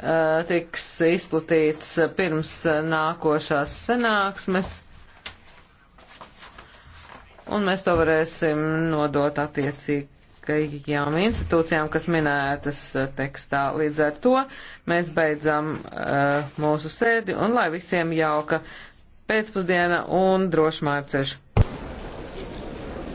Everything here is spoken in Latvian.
Eh, tiks izplatīts pirms nākošās sanāksmes, un mēs to varēsim nodot attiecīgajām institūcijām, kas minētas eh, tekstā. Līdz ar to mēs beidzam uh, mūsu sēdi, un lai visiem jauka pēcpusdiena un drošmāju ceļu.